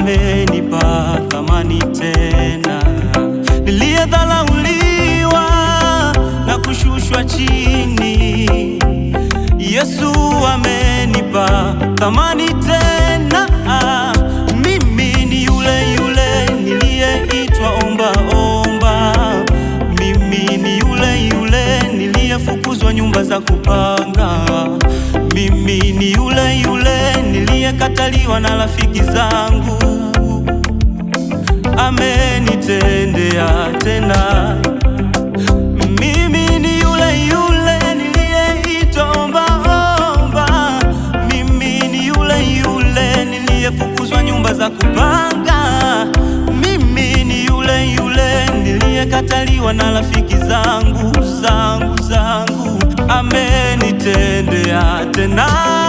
amenipa thamani tena. Niliyedhalauliwa na kushushwa chini, Yesu amenipa thamani tena. Mimi ni yule yule niliyeitwa omba omba, mimi ni yule yule niliyefukuzwa nyumba za kupanga, mimi ni yule yule nimekataliwa na rafiki zangu, amenitendea tena. Mimi ni yule yule niliyeitombaomba, mimi ni yule yule niliyefukuzwa nyumba za kupanga, mimi ni yule yule niliyekataliwa na rafiki zangu zangu zangu, amenitendea tena.